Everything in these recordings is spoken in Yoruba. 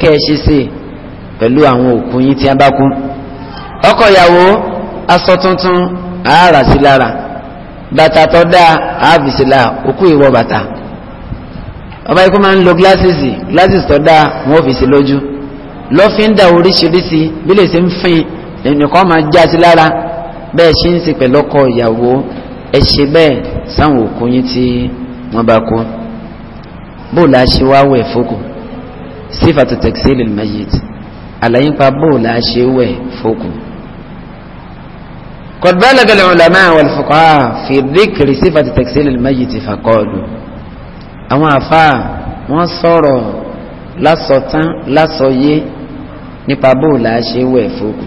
kẹ́ ẹ ṣe sí pẹ̀lú àwọn òkú yín tí a bá kú ọkọ ìyàwó aṣọ tuntun àárà sí lára bàtà tó dáa àáfìsí la òkú ìwọ bàtà ọba ikú máa ń lo gíláṣìsì gíláṣìsì tó dáa wọn ò fi sí lójú lọ́fíńdà oríṣiríṣi bí lè ṣe ń fin ẹnìkan máa já sí lára bẹ́ẹ̀ ṣe ń ṣe pẹ̀lú ọkọ ìyàwó ẹ ṣe bẹ́ẹ̀ sáwọn òkú yín tí wọ́n bá kú bó la ṣe wá wẹ̀ fókùn sífàtò tẹ̀sílì mayit àlàyé pa bóòlù àṣewẹ̀ fòkù. قد بلغ العلماء والفقهاء في ذكر صفة تكسيل الميت فقالوا àwọn àfáà wọ́n sọ̀rọ̀ lásọtán lásọyé nípa bóòlù àṣewẹ̀ fòkù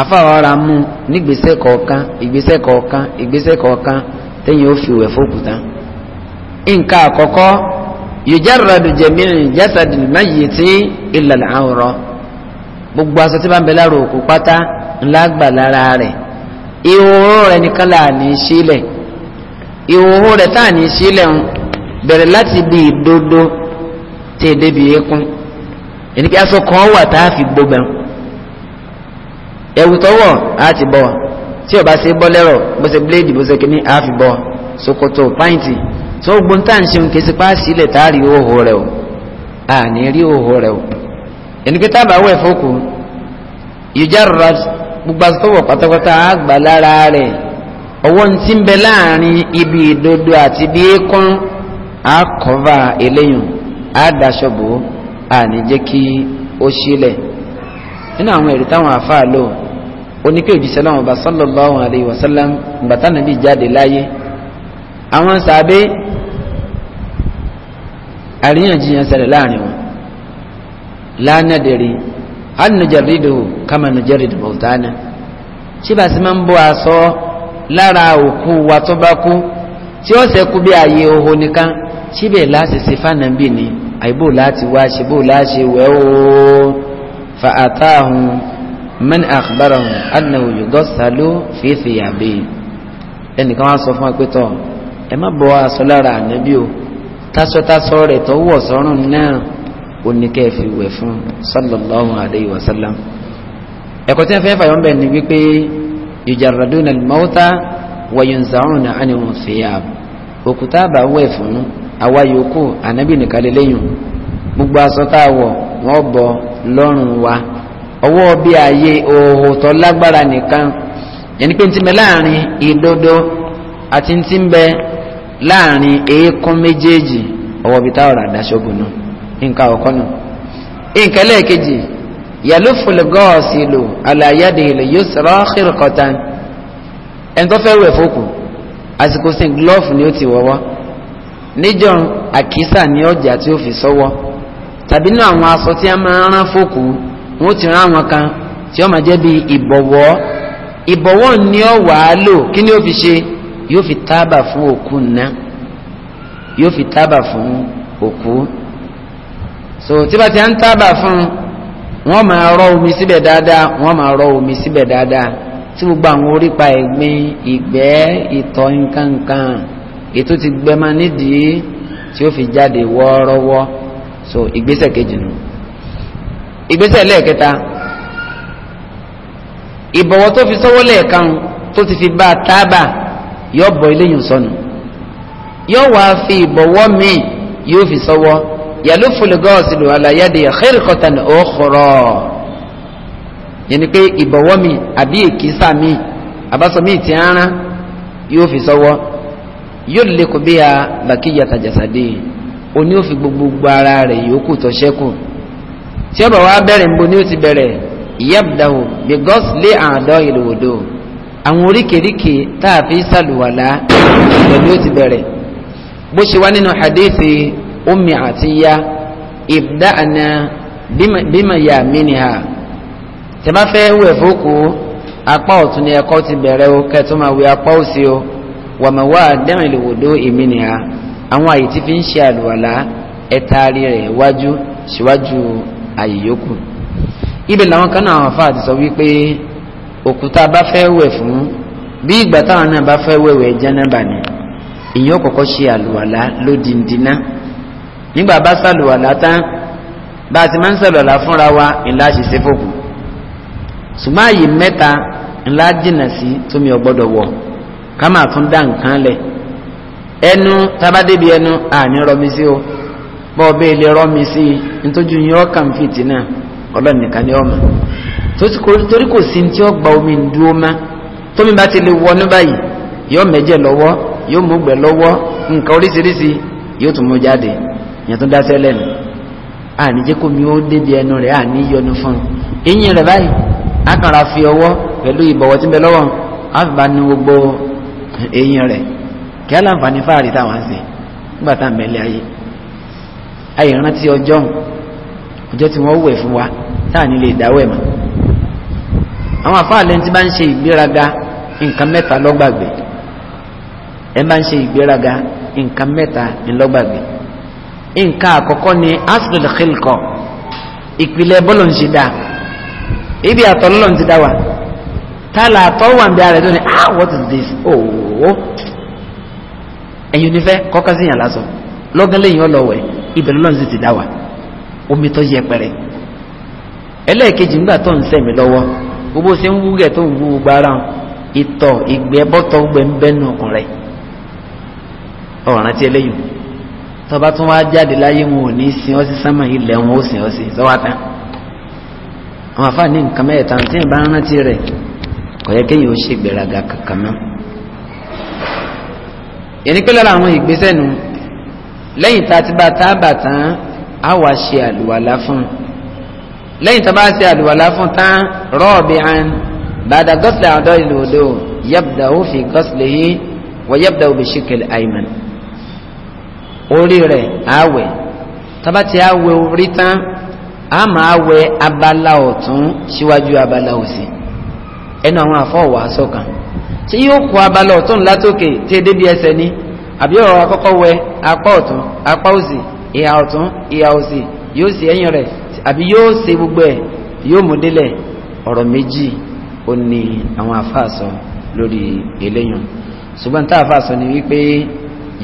àfáà ọ̀rá mú nígbésẹ̀ kọ̀ọ̀kan ìgbésẹ̀ kọ̀ọ̀kan ìgbésẹ̀ kọ̀ọ̀kan téèyàn ó fi wẹ̀ fòkù tán. nǹkan àkọ́kọ́ yujarradu jami'u jasadil mayyiti illa al-awra gbogbo aṣọ tí bá ń bẹ lára òkú pátá ńlá gbà lára rẹ̀ ìhòòhò rẹ̀ nìkan là ní sílẹ̀ ìhòòhò rẹ̀ tá à ní sílẹ̀ ń bẹ̀rẹ̀ láti bí ìdodo tí èdè bí ekún ẹni aṣọ kan wà tá a fi gbogbo ẹ̀wù tọwọ́ a ti bọ̀ tí ó bá ṣe bọ́ lẹ́rọ̀ bó ṣe bíléèdì bó ṣe kíní a fi bọ̀ ṣòkòtò páìntì tó gbọ́n tá à ń ṣeun kìí sípá sílẹ̀ tá a rí òhò rẹ̀ o a ní rí òhò rẹ̀ o ẹni tábà wẹ̀ fókù ìjà rọra gbogbo àtọwọ̀ pátápátá àgbà lára rẹ̀ ọwọ́ ní ti bẹ láàrin ibi ìdodo àti ibi èèkàn á kọ́va eléyìn á daṣọ bò ó a ní jẹ́ kí ó sílẹ̀ nínú àwọn èrè táwọn àfáà lò ó ní pé òjíṣẹ́ láwọn ọba sallallahu alayhi wa sallam gbàtà nàbí jáde láyé àwọn sàbẹ àríyànjiyàn ṣẹlẹ̀ láàrin wọn lánàdẹrẹ alùnàjẹrìdò kàmánàjẹrìdò bọ̀tánà ṣíbà sí máa ń bọ́ aṣọ lára òkú wa tó bá kú tí ó ṣẹ́kù bí ààyè òhò nìkan síbẹ̀ láti ṣe fànàbí ni àìbò láti wá ṣe bò láṣe wẹ́ ooo fa àtàhùn man akhbarahum annahu yughassalu fi thiyabihi ẹnìkan wá sọ fún wa pé tọ́ ẹ má bọ aṣọ lára ànábì o tásọtásọ rẹ̀ tó wọ̀ sọ́rùn náà oníkẹ́ fi fún sallallahu wa ẹ̀kọ́ tí wọ́n fẹ́ ni wípé yujarraduna al-mawta wa yunza'una anhum thiyab òkúta àbá wẹ̀ fún àwa yòókù ànábì nìkan gbogbo aṣọ tá a wọ̀ wọ́n lọ́rùn wa ọwọ́ bí òhò lágbára nìkan pé láàrin ìdodo àti láàrin eékún méjèèjì ọwọ́ bíi táwọn rà dáṣọ́bù náà nǹkan ọ̀kọ́ náà nǹkan lẹ́ẹ̀kejì yàlúfùlù gọ́ọ̀sì lò àlàyédè ilẹ̀ yóò sọ̀rọ̀ kírìkọ̀tà ẹni tó fẹ́ wẹ̀ fókù àsìkò sin glove ni ó ti wọ́wọ́ níjọ́ àkísà ní ọjà tí ó fi sọ́wọ́ tàbí nínú àwọn aṣọ tí a máa rán fókù wọn ti rán àwọn kan tí ó máa jẹ́ bíi ìbọ̀wọ́ ìbọ̀wọ́ ni ó wàá lò kí ni ó fi ṣe yóò fi tábà fún òkú ná yóò fi tábà fún òkú so tí bá ti à ń tábà fún wọn máa rọ omi síbẹ̀ dáadáa wọn máa rọ omi síbẹ̀ dáadáa tí gbogbo àwọn orípa ẹ̀gbin ìgbẹ́ ìtọ̀ nǹkankan ètò ti gbẹmọ nídìí tí ó fi jáde wọ́ọ́rọ́wọ́ so ìgbésẹ̀ kejì nù ìgbésẹ̀ lẹ́ẹ̀kẹta ìbọ̀wọ̀ tó fi sọ́wọ́ lẹ́ẹ̀kan tó ti fi bá a tábà yóò bọ eléyìí sọnù yóò wá fi ìbọ̀wọ́ míì yóò fi sọ́wọ́ yàlú fúlùgọ́ọ̀sì lù àlàyédè xèrìkọ́tàn òkúrọ̀ yẹni pé ìbọ̀wọ́ mi àbí èkìsà mi àbáṣọ mi ti ara yóò fi sọ́wọ́ yóò lè kó bí bàkíyà tàjàsàdé oní òfin gbogbo ara rẹ̀ yòókù tó ṣẹ́kù tí ọba wa bẹ̀rẹ̀ nbọ ni ó ti bẹ̀rẹ̀ ìyá bìdáwò bí gọ́ọ̀sì lé àádọ́ ìlòwòdò àwọn oríkèéríkè tá a fi sàlùwàlá pẹ̀lú ó ti bẹ̀rẹ̀ bó ṣe wá nínú hadithi ummi atiya ibda'na bima yaminiha tẹ bá fẹ́ wẹ̀ fókù apá ọ̀tún ni ẹ̀kọ́ ti bẹ̀rẹ̀ o kẹtọ́ máa wẹ̀ apá òsì o wà máa wá dẹ́rìn lòwòdó ìmìnira àwọn àyè tí fi ń ṣe àlùwàlá ẹ̀taari rẹ̀ wájú síwájú àyè yòókù ibẹ̀ làwọn kan náà àwọn afáà ti sọ wípé òkúta bá fẹ́ wẹ̀ fún bí ìgbà táwọn náà bá fẹ́ wẹ̀wẹ̀ jẹ́nàbà ni ìyẹn kọ́kọ́ ṣe àlùwàlá lódìndínà nígbà bá sàlùwàlá tán bá a ti máa ń sàlùwàlá fúnra wa ńlá si fòkù ṣùgbọ́n mẹ́ta ńlá jìnnà sí tómi ọgbọ́dọ̀ wọ̀ ká máa tún dá nǹkan lẹ̀ ẹnu tábàdébi ẹnu àní rọmi sí o bọ́ọ̀ bẹ́ẹ̀ lè rọmi sí i ntójú yín ọkàn fìtì náà ọlọ́ọ̀nìkan ni torí kò sí tí ó gba omi dúró mọ́ tómi bá ti lè wọnú báyìí yóò mẹ́jẹ̀ lọ́wọ́ yóò mú gbẹ lọ́wọ́ nǹkan oríṣiríṣi yóò tún mú jáde yẹn tó dáṣẹ́ lẹ́nu àní jẹ́ ó débi ẹnu rẹ̀ àní yọnu fún un eyín rẹ̀ báyìí akàrà fi ọwọ́ pẹ̀lú ìbọ̀wọ̀ tí ń bẹ lọ́wọ́ àfìbá ní gbogbo eyín rẹ̀ kí aláǹfààní fáàrí táwọn nígbà tá ọjọ́ ọjọ́ tí àwọn afáàlẹ́ tí bá ń ṣe ìgbéraga nǹkan mẹ́ta lọ́gbàgbé ẹ bá ń ṣe ìgbéraga nǹkan mẹ́ta lọ́gbàgbé nǹkan àkọ́kọ́ ni aslul khilqa ìpìlẹ̀ bọ́lọ̀ ń ṣe dáa ibi àtọ̀lọ́lọ́ ti dá wa tálà àtọ́wà ń bí ara ẹ̀ ah what is this ooo ẹ̀yin onífẹ́ kọ́kọ́ sí yàn lásán lọ́gán lẹ́yìn ọlọ́wẹ̀ ibẹ̀ lọ́lọ́run sì ti dá wa omi tó yẹ pẹrẹ ẹlẹ́ẹ̀kejì tó ń gbogbo ṣe ń wúgẹ̀ tó ń wú gbára ìtọ̀ ìgbẹ́ bọ́tọ̀ gbẹ́ ọkàn rẹ̀ tọba tún wá jáde láyé wọn ò ní sin ọ́ sánmà ilẹ̀ wọn ó sin ọ́ sọ́wọ́ tán àwọn afáà ní nǹkan mẹ́ẹ̀ta tí ìbá rántí rẹ̀ kò a ti bá tá a lẹ́yìn tó bá ṣe àlùwàlá fún tán rọ́ọ̀bì àn bàdà gọ́sìlẹ̀ àdọ́ ìlú odò yẹ́bùdà ó fi gọ́sìlẹ̀ yìí wọ́n yẹ́bùdà ó fi ṣìkìlì àìmọ̀n. orí rẹ̀ àwẹ̀ tó bá ti àwẹ̀ orí tán a máa wẹ abala ọ̀tún síwájú abala òsì ẹnu àwọn àfọwọ́ àsọkàn tí yóò kó abala ọ̀tún látòkè tí débi ẹsẹ̀ ni àbí ọ̀rọ̀ akọ́kọ́ wẹ apá ọ̀tún apá òsì ìhà ọ̀tún ìhà òsì yóò sì ẹ̀yìn rẹ̀ àbí yóò ṣe gbogbo ẹ̀ yóò mú délẹ̀ ọ̀rọ̀ méjì ó ní àwọn àfàsọ lórí eléyàn ṣùgbọ́n tá àfàsọ ni wípé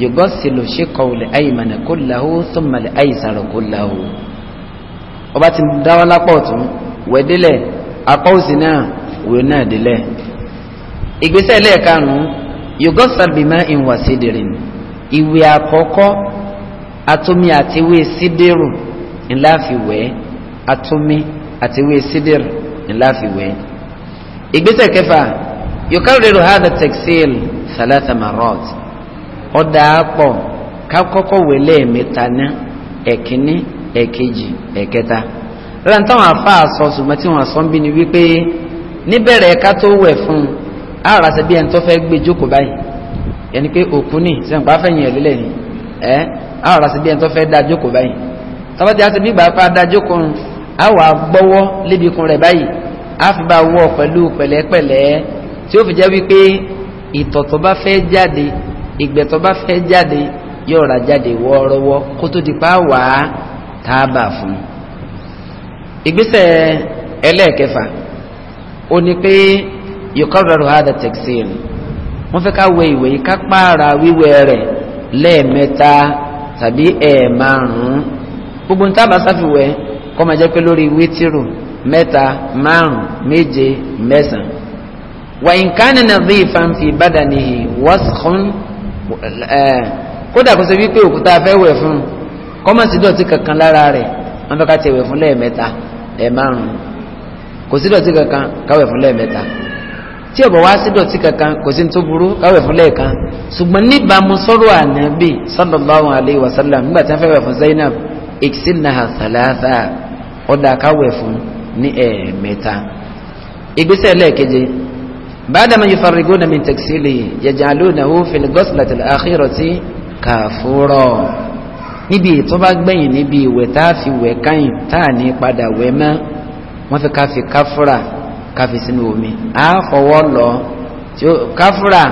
yugosilu shikawul aymana kullahu thumma al aysara kullahu ọba ti dáwọ́ lápá ọ̀tún wẹ̀ délẹ̀ apá òsì náà wẹ̀ náà délẹ̀ ìgbésẹ̀ lẹ́ẹ̀karùn-ún yugosal bima in ìwé àkọ́kọ́ atomi àti sídìrù ńlá fi wẹ̀ Atumi àti ewé sídìr ńláfiwé ìgbésẹ̀ kẹfà yukarriru hadha taksil thalatha marrat ọ̀dà àpọ̀ kákọ́kọ́ wẹ̀lẹ́ ẹ̀mẹ́ta ní ẹ̀kíní ẹ̀kejì ẹ̀kẹta rẹ̀ ń táwọn afá sọ ṣùgbọ́n tí wọ́n sọ ń bí ni wípé níbẹ̀rẹ̀ ẹ̀ka tó wẹ̀ fún un ara ṣe bí ẹni tó fẹ́ gbé jókòó báyìí yẹni pé òkú ni sẹ́yìn pa fẹ́yìn ẹ̀ ni ẹ̀ ara ṣe bí ẹni tó fẹ́ dá jókòó báyìí tọ́ba ti á ṣe bí ìgbà pa dá jókòó a wà gbọ́wọ́ lébi ikùn rẹ̀ báyìí a fi bá wọ́ pẹ̀lú pẹ̀lẹ́pẹ̀lẹ́ tí ó fi jẹ́ wípé ìtọ̀ tó bá fẹ́ jáde ìgbẹ́ tó bá fẹ́ jáde yóò ra jáde wọ́ọ́rọ́wọ́ kó tó di pa wà á tábà fún un. ìgbésẹ̀ ẹlẹ́ẹ̀kẹfà ó ní pé yòókọ́rọ̀rọ̀ hádà tẹ̀síìl wọ́n fẹ́ ká wẹ ìwé ká pààrà wíwẹ̀ rẹ̀ lẹ́ẹ̀mẹ́ta tàbí ẹ̀ẹ̀márùn-ún gbogbo ní tábà sáfìwẹ́ kó máa jẹ́ pé lórí wítírù mẹ́ta márùn méje mẹ́sàn. wàyìn kánì náà bí ìfàǹfì ìbàdàn nìyí wọ́sùkún kódà kó ṣe wípé òkúta fẹ́ wẹ̀ fún un kó má sí dọ̀tí kankan lára rẹ̀ wọ́n fẹ́ ká ti wẹ̀ fún lẹ́ẹ̀mẹ́ta ẹ̀ márùn kò sí dọ̀tí kankan ká wẹ̀ fún lẹ́ẹ̀mẹ́ta tí ọ̀bọ̀ wá sí dọ̀tí kankan kò sí tó burú káwẹ̀ fún lẹ́ẹ̀kan ṣùgbọ́n níbàámu sọ́rọ̀ ànábì sallallahu alayhi wa sallam nígbà tí wọ́n fẹ́ wẹ̀ fún Zainab ìkísínà thalatha ọ̀dà káwẹ̀ fún ní ẹ̀ẹ̀mẹ́ta ìgbésẹ̀ lẹ́ẹ̀keje bàdàmà yufarriguna min taksili yaj'alunahu fil ghuslati al-akhirati kafura níbi tó bá gbẹ̀yìn níbi ìwẹ̀ tá a fi wẹ̀ káyìn tá a ní padà wẹ̀ mọ́ wọ́n fi ká fi káfúrà ká fi sínú omi á fọwọ́ lọ káfúrà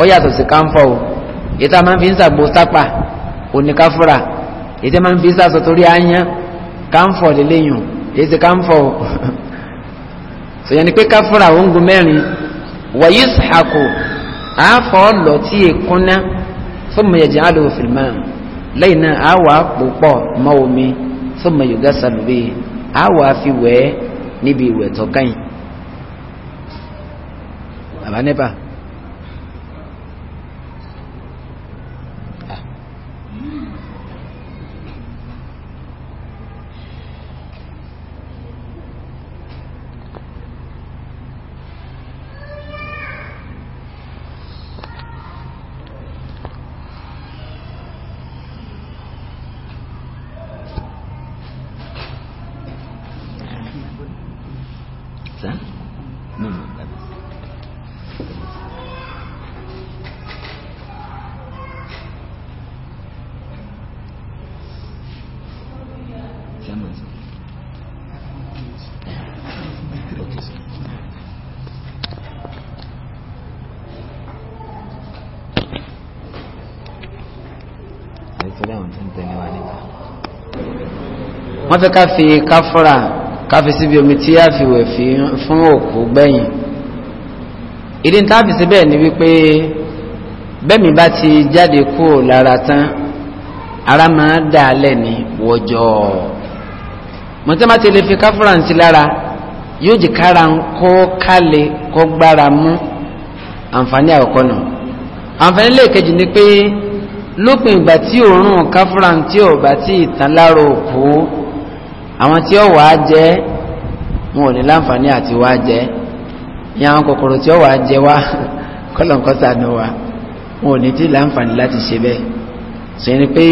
ó yàtọ̀ sí káńfọ̀ o ètò àmọ́ fi ń sàgbó sápà òní káfúrà ètò àmọ́ fi ń sàsọ torí áyán káńfọ̀ lélẹ́yìn èyí ti káńfọ̀ sọ̀yẹ́ ni pé káfúrà ó ń gun mẹ́rin wàyí sàkó àáfọ̀ lọ tí èkúnná fún mẹ̀yẹ̀jẹ̀ àlòfìlmá lẹ́yìn náà àwọ̀ àpòpọ̀ mọ́ omi fún mẹ̀yẹ̀gá sàlùbí àwọ̀ àfiwẹ́ níbi ìwẹ̀ tọ́kàn yìí. bàbá wọ́n fẹ́ ká fi káfúrà ká fi síbi omi tí a fi wẹ̀ fún òkú gbẹ̀yìn ìdí níta fi síbẹ̀ ni wípé bẹ́ẹ̀mi bá ti jáde kúrò lára tán ara máa dà á lẹ̀ ní wọ́jọ́ mọ̀tẹ́má ti lè fi káfúrà ń ti lára yóò jì kára ń kó kálẹ̀ kó gbára mú àǹfààní àkọ́kọ́ náà àǹfààní lẹ́ẹ̀kejì ni pé lópin ìgbà tí òórùn káfúrà ń tí ò bá tí ì lára òkú àwọn tí ó wà á jẹ wọn ò ní láǹfààní àti wà á jẹ ní àwọn kòkòrò tí ó wà á jẹ wá kọlọ̀ǹkọ́sà ni wà wọn ò ní tí láǹfààní láti ṣe bẹ́ẹ̀ sọ yẹn ni pé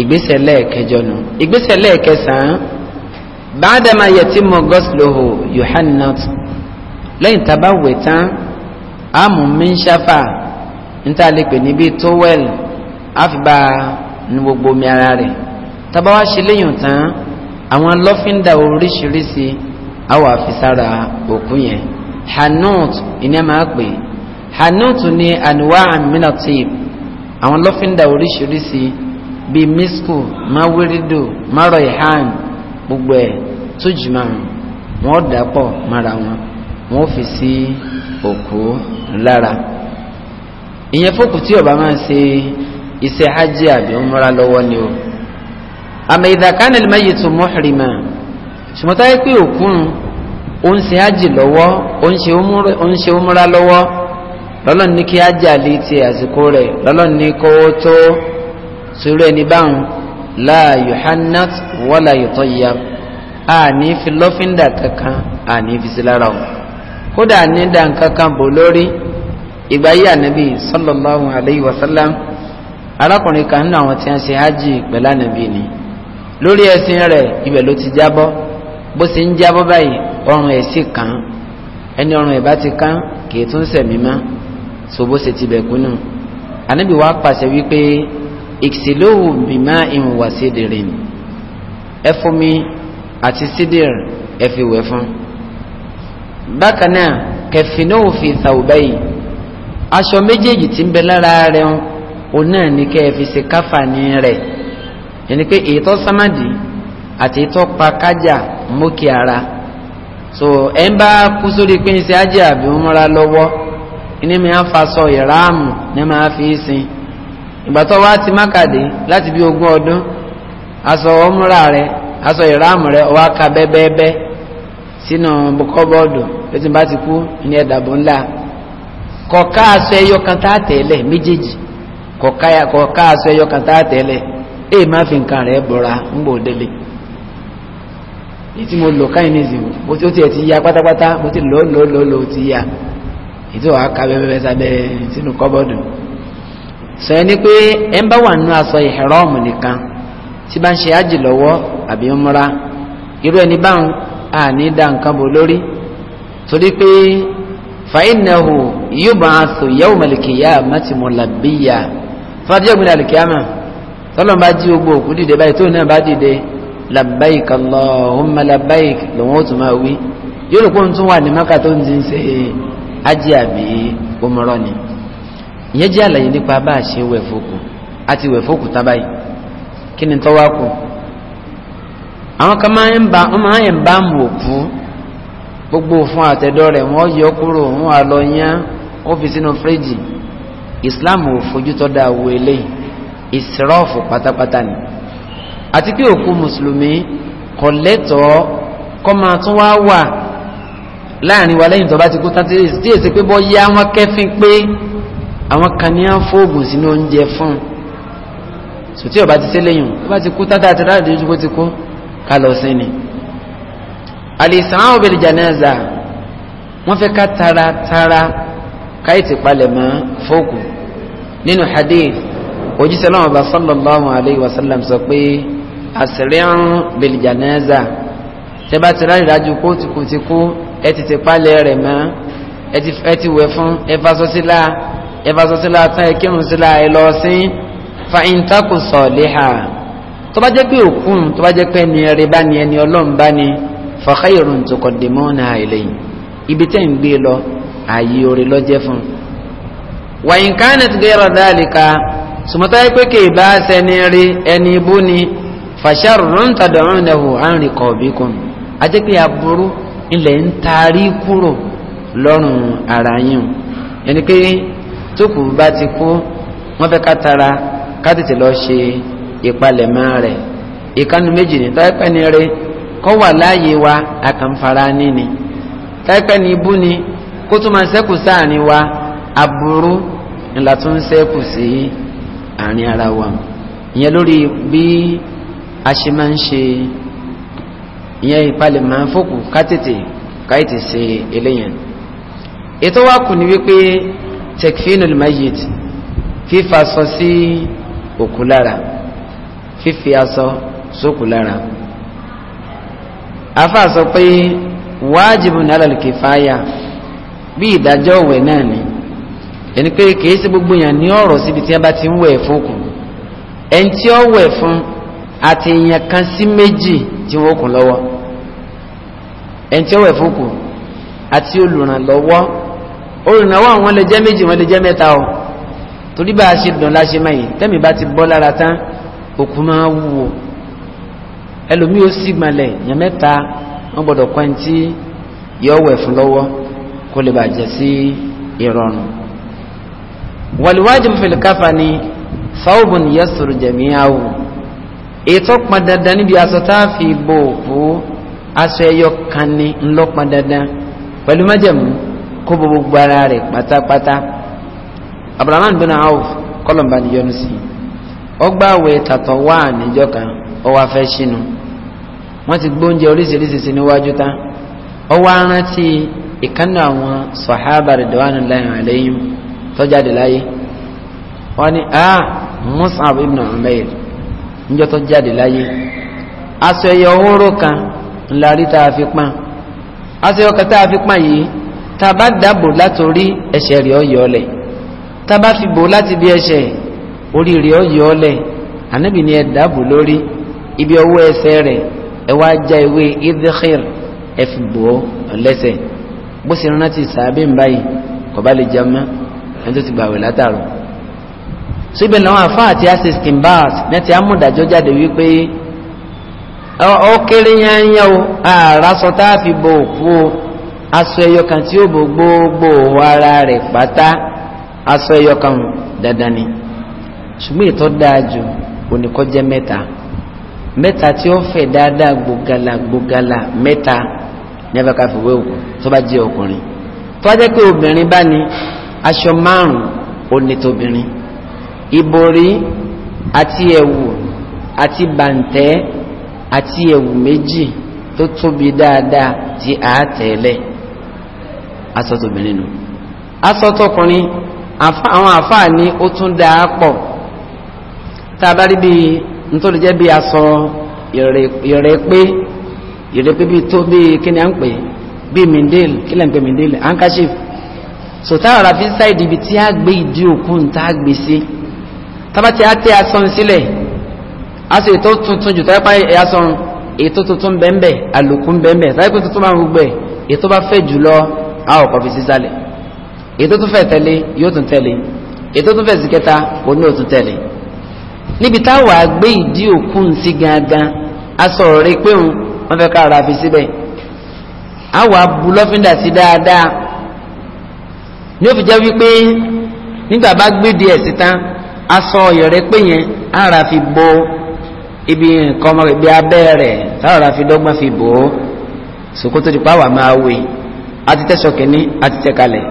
ìgbésẹ̀ lẹ́ẹ̀kẹjọ nù ìgbésẹ̀ lẹ́ẹ̀kẹsàn-án bàdàmà yẹtìmọ̀ gọ́sìlòhò yohannet lẹ́yìn tábà wẹ̀ tán àmú mínṣáfà níta lè níbi tówẹ́l àfibà ní gbogbo omi ara rẹ̀ tábà wá ṣe lẹ́yìn tán àwọn lọ́fíńdà oríṣiríṣi àwọn àfisára òkú yẹn hanut ìní máa pè hanut ní anuwa aminatib àwọn lọ́fíńdà oríṣiríṣi bíi misku mawirido maroihan gbogbo ẹ̀ tó wọn dàpọ̀ mara wọn wọn fi sí òkú lára ìyẹn fókù tí ó bá ṣe iṣẹ́ hajj àbí umra lọ́wọ́ ni o àmọ́ ìdàkánà lè má yìí tó muhrima ṣùgbọ́n táyé pé òkun ó ń ṣe ájì lọ́wọ́ ó ń ṣe umra lọ́wọ́ lọ́lọ́n ní kí ájì àlè ti àsìkò rẹ̀ lọ́lọ́n ní kó tó sùúrù ẹni báwọn la yuhannat wala yutayyab àní fi lọ́fíńdà kankan àní fi sí lára o kódà ní dà kankan bò lórí ìgbà yìí ànábì sallallahu alayhi wa arákùnrin kan nínú àwọn tí wọ́n ṣe ájì pẹ̀lú ànábì ni lórí ẹ̀sìn rẹ̀ ibẹ̀ ló ti jábọ́ bó ṣe ń jábọ́ báyìí ọrùn ẹ̀ sì kàn án ẹni ọrùn ẹ̀ bá ti kàn án kì í tún sẹ̀mí má so bó ṣe ti bẹ̀kún nù ànábì wa pàṣẹ wípé ìṣèlówó bímá ìwà sídìrì ẹ fún àti sídìrì ẹ fún bákan náà kẹfìnóò fi thawbayi aṣọ méjèèjì tí ń bẹ lára rẹ̀ òun náà ní kẹ́ ẹ fi ṣe káfà ní rẹ̀ yẹn pé ètò sámádì àti ètò pakájà mókè ara so ẹ ń bá kú sórí pé ṣe ájì àbí múra lọ́wọ́ ní mi á fa sọ ìráàmù ní máa fi sin ìgbà tó wá ti mákàdé láti bí ogún ọdún aṣọ ọmúra rẹ aṣọ rẹ ka bẹ́ẹ̀bẹ́ẹ́bẹ́ sínú bá ti kú ní kọ̀ọ̀ká aṣọ ẹyọ kan tá a tẹ̀lẹ̀ méjèèjì kọ̀ọ̀ká e ma fi nǹkan rẹ bọ̀ra ń bò délé mo lò ti ya pátápátá mo ti lò lò lò lò ti ya èyí tí ka sábẹ́ sínú kọ́bọ́dù sọ ẹni pé ẹ ń bá wà nínú aṣọ ìhẹ̀rọ́ọ̀mù nìkan tí bá ń ṣe ájì lọ́wọ́ àbí múra irú ẹni báwọn a ní dá nǹkan bò lórí torí pé yóò bá tọ́lọ́n bá jí gbogbo òkú dìde báyìí tóun náà bá dìde labbaik allahumma labbaik lòun ó tún máa wí yóò rò pé tún wà ní maka tó ń ti ń ṣe ájí àbí omorọ́ ni ìyẹn jẹ́ àlàyé nípa bá a ṣe wẹ̀ fòkù àti wẹ̀ fòkù tá báyìí kí ni tọ́wá kù àwọn kan máa ń bá wọn máa ń bá mú òkú gbogbo fún àtẹ̀dọ́ rẹ̀ wọ́n yọ kúrò wọn àlọ́ yẹn ó fi sínú fíríjì Islam ò fojú tọ́ da wo eléyìí ìsirọ́ọ̀fù pátápátá ni àti pé òkú mùsùlùmí kò lẹ́tọ̀ọ́ kọ́ máa tún wá wà láàrin wa lẹ́yìn tó bá ti kú tán tí èsì pé bọ́ yá wọn kẹ́fín pé àwọn kan ní án fóògùn sínú oúnjẹ fún un sòtí ọba ti sẹ́lẹ̀yìn tó bá ti kú tátà àti láàrin ojú kó ti kú ká lọ sí ni. al-isra'u bil wọ́n fẹ́ ká tara tara káyìí ti palẹ̀ mọ́ fóògùn nínú hadith òjíṣẹ́ náà bá sallallahu alayhi wa sallam sọ pé àṣìríàn bìlìjànẹ́zà tẹ́ bá ti rárí ìdájú kó ti kú ti kú ẹ ti ti palẹ̀ rẹ̀ mọ́ ẹ ti wẹ̀ fún ẹ fasọ́sílà ẹ fasọ́sílà tán ẹ kírun sílà ẹ lọ sí fa intakun tó bá jẹ́ pé òkun tó bá jẹ́ pé ẹni ẹrẹ bá ní ẹni ọlọ́run bá ní fa khayrun tuqaddimuna ilayhi ibi tẹ́ ń gbé lọ ààyè orí lọ́jẹ́ fún un wàyínká dáàlì ká sùmọ́tà yẹ pé kì í bá sẹni rí ẹni ibú ni fàṣàrù rún tàdọ̀rún lẹ́hùn àrùn kọ̀ọ̀bí kan àti pé aburú ilẹ̀ ń taari kúrò lọ́rùn ara yín ẹni pé tókù bá ti kú wọ́n fẹ́ ká tara ká tètè lọ ṣe ìpalẹ̀mọ́ rẹ̀ ìkànnì méjì ní táìpẹ́ ni rẹ kọ́ wà láàyè wa àkànfàrà níní táìpẹ́ ni ibú ni kó tó máa ṣẹ́kù sáàrin wa aburú ńlá tó ń ṣẹ́kù sí i àárín ara wa ìyẹn lórí bí a ṣe máa ń ṣe ìyẹn ìpalẹ̀ máa ń fòkù ká tètè ká eléyẹn ètò wa kù ní wípé tekfinul mayit fífa aṣọ sí òkú lára fífi aṣọ sókú lára afa sọ pé wájibun alal kifaya bí ìdájọ́ òwe náà ni ẹni pé kìí ṣe gbogbo yàn ní ọ̀rọ̀ síbi tí wọ́n bá ti ń wẹ̀ fún kù ẹni tí ó wẹ̀ fún àti èèyàn kan sí méjì tí wọ́n kù lọ́wọ́ ẹni tí ó wẹ̀ fún kù àti olùrànlọ́wọ́ olùrànlọ́wọ́ àwọn lè jẹ́ méjì wọ́n lè jẹ́ mẹ́ta o torí bá a ṣe dùn láṣẹ mẹ́yìn tẹ́mi bá ti bọ́ lára tán òkú máa wúwo ẹlòmíì ó sì gbalẹ̀ yàn mẹ́ta wọ́n gbọ́dọ̀ kọ́ ẹni tí yọ wẹ̀ fún lọ́wọ́ kó lè bàjẹ́ sí ìrọ̀rùn wàlúwájú fìlìkàfà ni fáwọ̀bùn yẹ́sùrù jẹ̀míyàwó ètò pọn dandan níbi aṣọ tá a fi bò òkú aṣọ ẹyọ kan ní ńlọpọn dandan pẹ̀lú májẹ̀mú kó gbogbo ara rẹ̀ pátápátá Abdurrahman bin Auf kọlọmba ni yọnu sí ó gbà àwẹ̀ tàtọ wá níjọ́ kan ó wá sínú wọ́n ti gbóúnjẹ oríṣiríṣi níwájú tán ó wá rántí àwọn sọhábà rẹ dọwánu láyìn tọ́jáde láyé wọ́n ní a ah, Mus'ab ibn Umair níjọ́ tọ́jáde láyé aṣọ ẹ̀yẹ ọ̀hóró kan ńlá rí tá a fi pọ́n aṣọ ẹ̀yẹ ọ̀kan tá a fi pọ́n yìí tá a bá dàbò látòrí ẹ̀ṣẹ̀ rẹ̀ ọ̀yọ́ ọ̀lẹ̀ tá a bá fi bò láti bí ẹ̀ṣẹ̀ orí rẹ̀ ọ̀yọ́ ọ̀lẹ̀ ànábì ni ẹ̀ dàbò lórí ibi ọwọ́ ẹsẹ̀ rẹ̀ ẹ wá já ewé idhikir ẹ fi bò ó lẹ́sẹ̀ bó ṣe rántí sàábẹ̀ ń báyìí kò bá lè jẹun mọ́ ẹni tó ti gbàwẹ̀ látàrọ síbẹ̀ làwọn àfáà àti access kimbars nẹ́tì amúdàjọ́ jáde wípé ó kéré yányá o ààrá sọ tá a fi bo òkú o aṣọ ẹyọkan tí ó bo gbogbo ara rẹ̀ pátá aṣọ ẹyọkan dandan ni ṣùgbọ́n ìtọ́ dáa jù oníkọ́jẹ́ mẹ́ta mẹ́ta tí ó fẹ̀ dáadáa gbogala gbogala mẹ́ta ní abẹ́ka fìwé òkú tó bá jẹ́ ọkùnrin tó bá jẹ́ pé obìnrin bá ní aṣọ márùn onítòbìnrin ìborí àti ẹ̀wù àti bàǹtẹ́ àti ẹ̀wù méjì tó tóbi dáadáa tí a tẹ̀lẹ̀ aṣọ tóbìnrin nù aṣọ tọkùnrin àwọn àfáà ní ó tún dáa pọ̀ tá a bá rí bíi nítorí jẹ́ bíi aṣọ ìrẹ̀pẹ́ ìrẹ̀pẹ́ bíi tó bíi kí à ń pè bíi mindale kí ń pè mindale handkerchief so tá a rà fi ṣáìdì ibi tí a gbé ìdí òkun tá a gbé sí tábà tí a tẹ asán sílẹ̀ a sì tó tuntun jù táyà pa asán ètò tuntun bẹ́ẹ̀nbẹ́ àlòkù bẹ́ẹ̀nbẹ́ táyà pé tuntun máa ń gbẹ ètò bá fẹ̀ jùlọ a ò kọ́ fi sí sálẹ̀ ètò tó fẹ̀ tẹ̀lé yóò tún tẹ̀lé ètò tó fẹ̀ sí kẹta òun yóò tún tẹ̀lé níbi táwa gbé ìdí òkun sí gangan a sọ̀rọ̀ rí pé òun wọ́n fẹ́ ká fi síbẹ̀ àwa bu lọ́fíńdà sí dáadáa ní ó fi jẹ́ wípé nígbà bá gbé díẹ̀ síta aṣọ ìrẹ́ pé yẹn ara fi bo ibi nǹkan ọmọ ibi abẹ́ rẹ̀ sára fi dọ́gbọ́n fi bò ó ṣòkòtò ti pàwà máa wè àti tẹ́ sọ̀kìnní àti tẹ́ kalẹ̀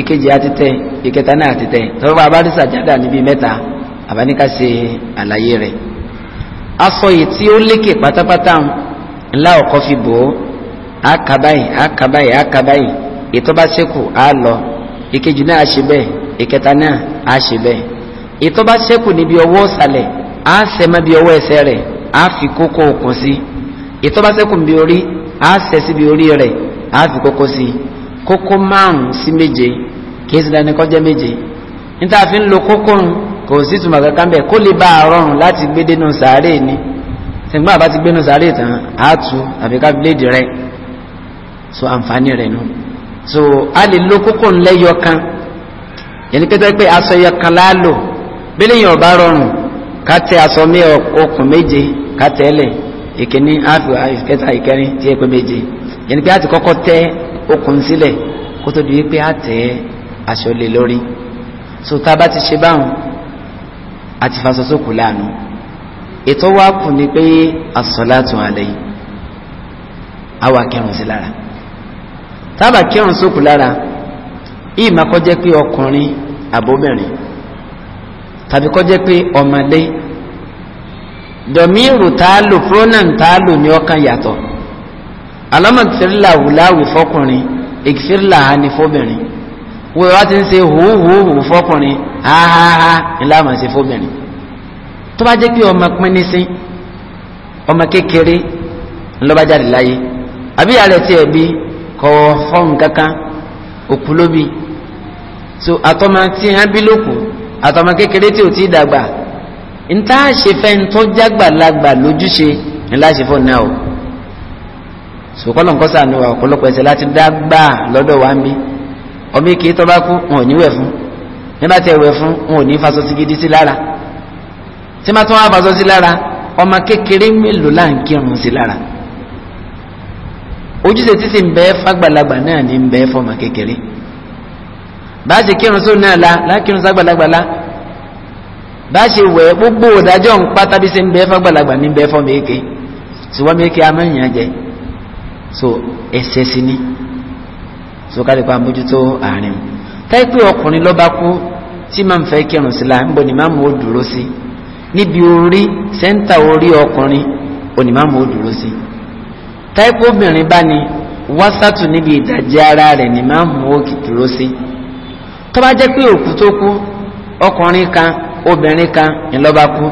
ìkejì àti tẹ́ ìkẹta náà àti tẹ́ tọ́wọ́ bá abárísà jáde níbi mẹ́ta àbáníká ṣe àlàyé rẹ̀ aṣọ yìí tí ó lékè pátápátá ńlá ọkọ fi bò ó àkàbáyì àkàbáyì àkàbáyì ètò bá ṣẹ́kù á lọ ìkejì náà a ṣe bẹ́ẹ̀ ìkẹta náà a ṣe bẹ́ẹ̀ ìtọ́ bá ṣẹ́kù níbi ọwọ́ ọ̀sàlẹ̀ á ṣẹ mọ́ bí ọwọ́ ẹsẹ̀ rẹ̀ á fi kókó okùn sí ìtọ́ bá ṣẹ́kù níbi orí á ṣẹ síbi orí rẹ̀ á fi kókó sí kókó márùn sí méje kì í sì dání kọjá méje níta fi ń lo kókó rùn kò sí tùmọ̀ kankan bẹ́ẹ̀ kó lè bá a rọrùn láti gbé dénú sàárè ni sẹ̀gbọ́n àbá ti gbénú sàárè tán á tu àbíká bíléèdì rẹ̀ so àǹfààní rẹ̀ nù. No so a lè lo kókó ńlẹ́yọ kan yẹnni pé pé aṣọ yọ kan la lò bílẹ̀ yẹn ọba rọrùn ká tẹ aṣọ mi okùn méje ká tẹ́lẹ̀ ìkíní àfi ìkẹta ìkẹrin tí ẹ pé méje yẹnni pé a ti kọ́kọ́ tẹ okùn sílẹ̀ kó tó di wípé a tẹ aṣọ lé lórí so tá a bá ti ṣe báwọn a ti faṣọ sókù láàánú ètò wa kù ni pé as-salatu alayhi àwa kẹrùn sí lára tábà kírun sókù lára ìmà kó jẹ́ pé ọkùnrin àbóbìnrin tàbí kó jẹ́ pé ọmọdé dọ̀míìrù tààlù pronoun tààlù ni ọkàn yàtọ̀ alámọ̀tìrìlà wùláwì fọkùnrin ìkìfìrìlà ha ni fóbìnrin wọ́n wá ti ń ṣe hùhùhù fọkùnrin háháhá ìlànà ṣe fóbìnrin tó bá jẹ́ pé ọmọ pínínsín ọmọ kékeré ńlọ́bàjáde láyé àbí ààrẹ tí ẹ̀ bí kọ họn kankan òkú so àtọmọ tí hàn bí lókù àtọmọ kékeré tí ò tí dàgbà níta ṣẹfẹ ntọ́jàgbàlagbà lójúṣe ńlá ṣẹfọ náà o so kọlọ̀ nǹkan ni wa ọ̀pọ̀lọpọ̀ ẹsẹ̀ láti dàgbà lọ́dọ̀ wa ń bí ọmọ èké tó bá kú wọn ò ní wẹ̀ fún nígbà tí ẹ wẹ̀ fún wọn ò ní fasọsí gidi sí lára tí wọn tún wá fasọsí lára ọmọ kékeré mélòó là ń kírun sí lára ojúṣe títí ń bẹ fàgbàlagbà náà ní ń bẹ fọmọ kékeré bá a ṣe kírun sóun náà la lákírun sàgbàlagbà la bá a ṣe wẹ̀ gbogbo òdájọ́ ń pátá bí ṣe ń bẹ fàgbàlagbà ní ń bẹ fọmọ èké ṣùgbọ́n mi kí a máa ń yàn jẹ so ẹsẹ̀ sí ni so ká lè pa àmójútó àárín táìpẹ́ ọkùnrin lọ́ba kú tí máa ń fẹ́ kírun sí la ń bọ̀ ní máa mú o dúró sí níbi orí sẹ́ńtà orí ọkùnrin òní máa mú dúró sí táìpù obìnrin bá ní wásátù níbi ìdajì ara rẹ̀ ní máa mú òkè dúró sí tó bá jẹ́ pé òkú tó kú ọkùnrin kan obìnrin kan ńlọ́ba kú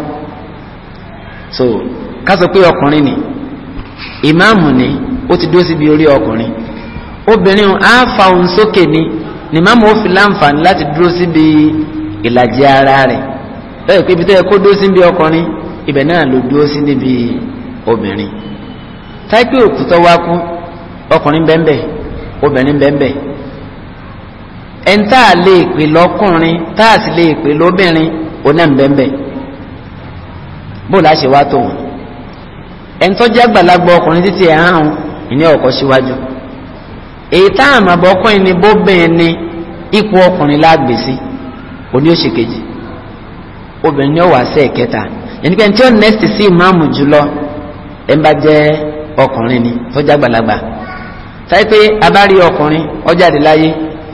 so ká sọ pé ọkùnrin ni ìmáàmù ni ó ti dúró síbi orí ọkùnrin obìnrin á fa ohun sókè ni ní máàmù ó fi láǹfààní láti dúró síbi ìlàjì ara rẹ̀ lọ́yọ̀ pé ibi tó yẹ kó dúró síbi ọkùnrin ibẹ̀ náà ló dúró sí níbi obìnrin táìpé òkú tó wá kú ọkùnrin bẹ́ẹ̀nbẹ́ obìnrin bẹ́ẹ̀nbẹ́ ẹni tá a lè pè lọ́kùnrin tá a sì lè pè lóbìnrin oná bẹ́ẹ̀nbẹ́ bóòlù àṣẹ wá tó wọn ẹni tó jẹ́ àgbàlagbà ọkùnrin títí ẹ̀ hàn ní ọkọ̀ síwájú èyí tá a mà bọ́ ọkùnrin ni bóbìnrin ni ipò ọkùnrin lágbèsí òní ó ṣe kejì obìnrin ni ó wà sẹ́ẹ̀ kẹta yẹn pé ẹni tí ó nẹ́ẹ̀sì sí ìmáàmù jùlọ ẹ̀ ọkùnrin ni tọ́jà gbàlagbà táyé pé abárí ọkùnrin ọjáde láyé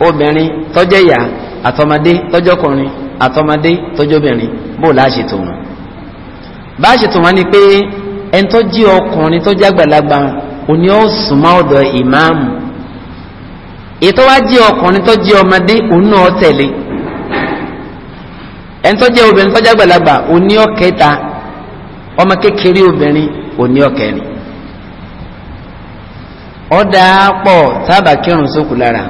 obìnrin tọ́jẹ́ ìyá àtọmọdé tọ́jọ́kùnrin àtọmọdé tọ́jọ́bìnrin bó la ṣe tò wọ́n bá ṣe tò wọ́n ni pé ẹni tó jí ọkùnrin tọ́jà gbàlagbà òní ó súnmọ́ ọ̀dọ̀ ìmáàmù ètò wa jí ọkùnrin tó jí ọmọdé òun náà tẹ̀lé ẹni tó jẹ́ obìnrin tọ́jà gbàlagbà òní ọ̀kẹta ọmọ kékeré obìnrin òní ọ̀kẹrin ọ̀dà pọ̀ sábà kírun sókù lára